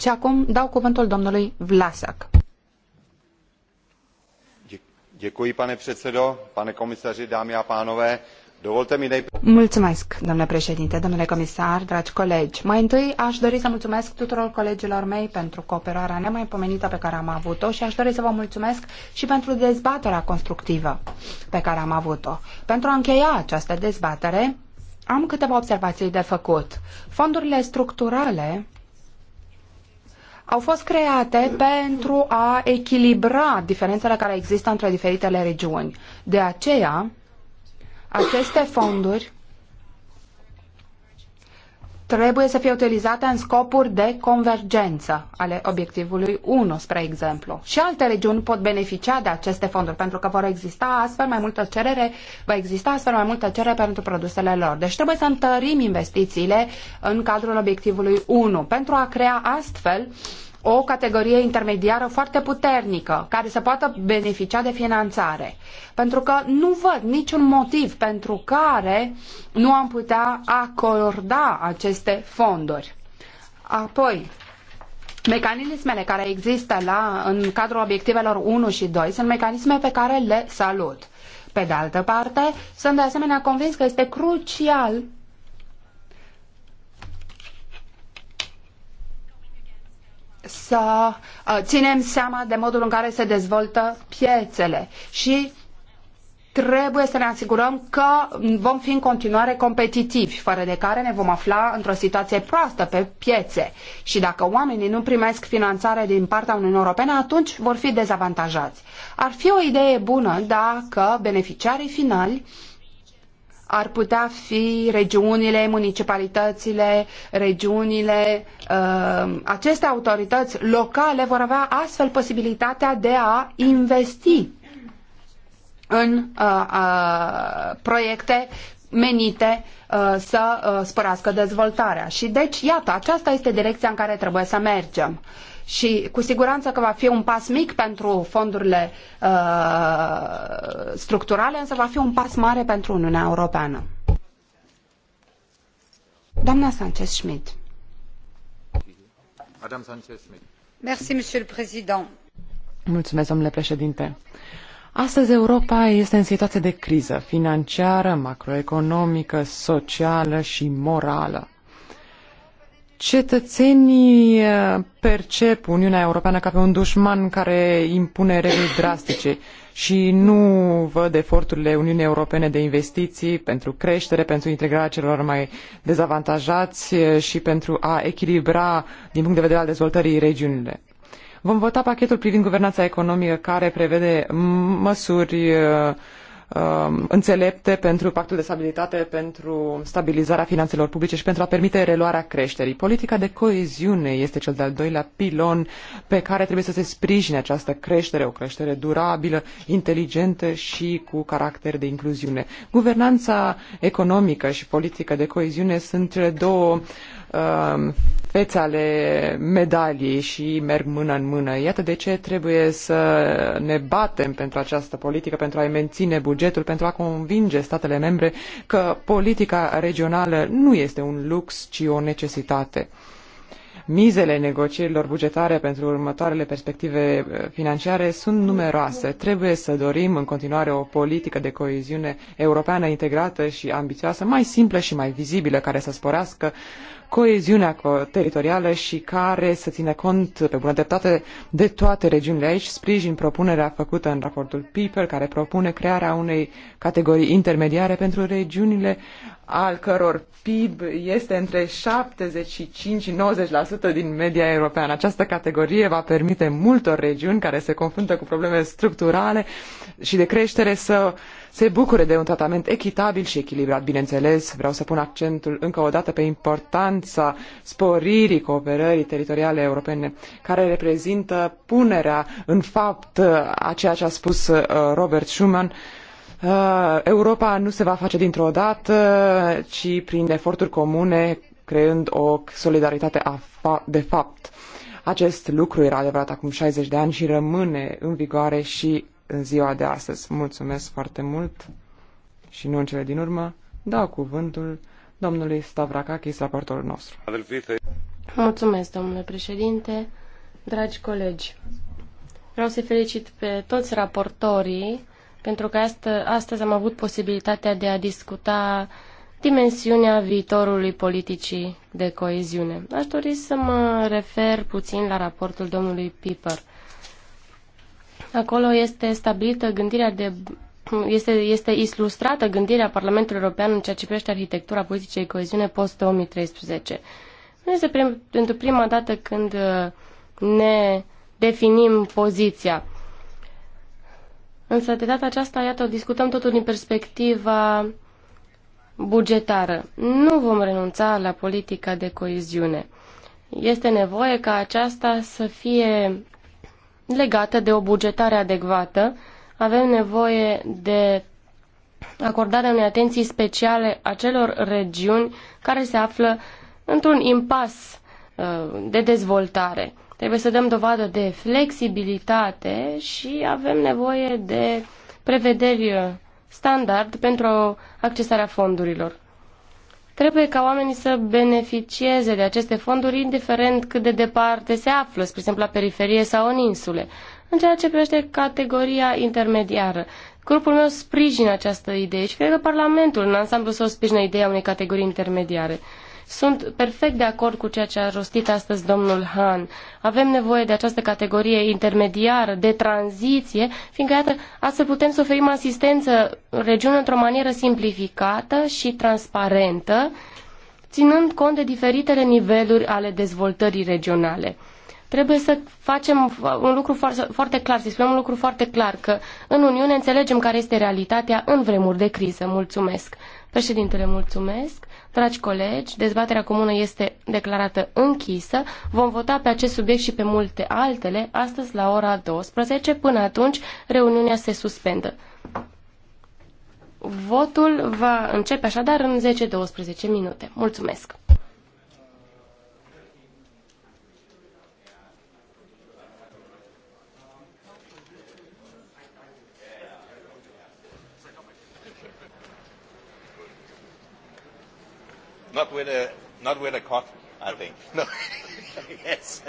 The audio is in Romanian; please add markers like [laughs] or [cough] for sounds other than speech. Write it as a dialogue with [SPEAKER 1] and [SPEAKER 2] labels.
[SPEAKER 1] Și acum dau cuvântul domnului Vlasac.
[SPEAKER 2] Děkuji, pane předsedo, pane komisaři, dámy a pánové. Dovolte mi de...
[SPEAKER 1] Mulțumesc, domnule președinte, domnule comisar, dragi colegi. Mai întâi aș dori să mulțumesc tuturor colegilor mei pentru cooperarea nemaipomenită pe care am avut-o și aș dori să vă mulțumesc și pentru dezbaterea constructivă pe care am avut-o. Pentru a încheia această dezbatere, am câteva observații de făcut. Fondurile structurale au fost create pentru a echilibra diferențele care există între diferitele regiuni. De aceea, aceste fonduri trebuie să fie utilizate în scopuri de convergență ale obiectivului 1, spre exemplu. Și alte regiuni pot beneficia de aceste fonduri, pentru că vor exista astfel mai multă cerere, va exista astfel mai multă cerere pentru produsele lor. Deci trebuie să întărim investițiile în cadrul obiectivului 1 pentru a crea astfel uh, o categorie intermediară foarte puternică care să poată beneficia de finanțare. Pentru că nu văd niciun motiv pentru care nu am putea acorda aceste fonduri. Apoi, mecanismele care există la, în cadrul obiectivelor 1 și 2 sunt mecanisme pe care le salut. Pe de altă parte, sunt de asemenea convins că este crucial să uh, ținem seama de modul în care se dezvoltă piețele și trebuie să ne asigurăm că vom fi în continuare competitivi, fără de care ne vom afla într-o situație proastă pe piețe. Și dacă oamenii nu primesc finanțare din partea Uniunii Europene, atunci vor fi dezavantajați. Ar fi o idee bună dacă beneficiarii finali ar putea fi regiunile, municipalitățile, regiunile, uh, aceste autorități locale vor avea astfel posibilitatea de a investi în uh, uh, proiecte menite să sporească dezvoltarea. Și deci, iată, aceasta este direcția în care trebuie să mergem și cu siguranță că va fi un pas mic pentru fondurile uh, structurale, însă va fi un pas mare pentru Uniunea Europeană. Doamna Sanchez Schmidt.
[SPEAKER 3] Madame Sanchez Schmidt.
[SPEAKER 1] Merci, Monsieur le Président. Mulțumesc,
[SPEAKER 2] domnule președinte. Astăzi Europa este în situație de criză financiară, macroeconomică, socială și morală cetăenii eh, percep Uniunea Europeană ca pe un dușman care impune reguli drastice și nu văd eforturile Uniunii Europene de investiții pentru creștere, pentru integrarea celor mai dezavantajai eh, și pentru a echilibra, din punct de vedere al dezvoltării, regiunile. Vom vota pachetul privind guvernana economică care prevede măsuri eh, uh, înțelepte pentru pactul de stabilitate, pentru stabilizarea finanțelor publice și pentru a permite reluarea creșterii. Politica de coeziune este cel de-al doilea pilon pe care trebuie să se sprijine această creștere, o creștere durabilă, inteligentă și cu caracter de incluziune. Guvernanța economică și politică de coeziune sunt cele două uh, uh, ale medaliei și merg mână în mână. Iată de ce trebuie să ne batem pentru această politică, pentru a-i menține bugetul, pentru a convinge statele membre că politica regională nu este un lux, ci o necesitate. Mizele negocierilor bugetare pentru următoarele perspective uh, financiare sunt numeroase. Trebuie să dorim în continuare o politică de coeziune europeană integrată și ambițioasă, mai simplă și mai vizibilă, care să sporească coeziunea teritorială și care să țină cont pe bună dreptate de toate regiunile. Aici sprijin propunerea făcută în raportul PIPEL care propune crearea unei categorii intermediare pentru regiunile al căror PIB este între 75 și 90% din media europeană. Această categorie va permite multor regiuni care se confruntă cu probleme structurale și de creștere să uh, se bucure de un tratament echitabil și echilibrat. Bineînțeles, vreau să pun accentul încă o dată pe importanța sporirii cooperării teritoriale europene, care reprezintă punerea în fapt a ceea ce a spus uh, Robert Schuman, uh, Europa nu se va face dintr-o dată, uh, ci prin eforturi comune, creând o solidaritate de fapt. Acest lucru era adevărat acum 60 de ani și rămâne în vigoare și în ziua de astăzi. Mulțumesc foarte mult și nu în cele din
[SPEAKER 3] urmă, dau
[SPEAKER 2] cuvântul domnului Stavrakakis, raportorul nostru.
[SPEAKER 3] Mulțumesc, domnule președinte, dragi colegi. Vreau să felicit pe toți raportorii pentru că astă, astăzi am avut posibilitatea de a discuta dimensiunea viitorului politicii de coeziune. Aș dori să mă refer puțin la raportul domnului Piper. Acolo este stabilită gândirea de este, este ilustrată gândirea Parlamentului European în ceea ce privește arhitectura politicii de coeziune post-2013. Nu este prim, pentru prima dată când uh, ne definim poziția. Însă, de data aceasta, iată, discutăm totul din perspectiva bugetară. Nu vom renunța la politica de coeziune. Este nevoie ca aceasta să fie legată de o bugetare adecvată. Avem nevoie de acordarea unei atenții speciale acelor regiuni care se află într-un impas uh, de dezvoltare. Trebuie să dăm dovadă de flexibilitate și avem nevoie de prevederi standard pentru accesarea fondurilor. Trebuie ca oamenii să beneficieze de aceste fonduri, indiferent cât de departe se află, spre exemplu la periferie sau în insule. În ceea ce privește categoria intermediară, grupul meu sprijină această idee și cred că Parlamentul în ansamblu o sprijină ideea unei categorii intermediare. Sunt perfect de acord cu ceea ce a rostit astăzi domnul Han. Avem nevoie de această categorie intermediară, de tranziție, fiindcă, iată, astfel putem să oferim asistență regiunilor într-o manieră simplificată și transparentă, ținând cont de diferitele niveluri ale dezvoltării regionale trebuie să facem un lucru foarte, foarte clar, să spunem un lucru foarte clar, că în Uniune înțelegem care este realitatea în vremuri de criză. Mulțumesc. Președintele, mulțumesc. Dragi colegi, dezbaterea comună este declarată închisă. Vom vota pe acest subiect și pe multe altele astăzi la ora 12. Până atunci, reuniunea se suspendă. Votul va începe așadar în 10-12 minute. Mulțumesc!
[SPEAKER 1] not with a not with a cock, I think. [laughs] No.
[SPEAKER 3] [laughs] yes.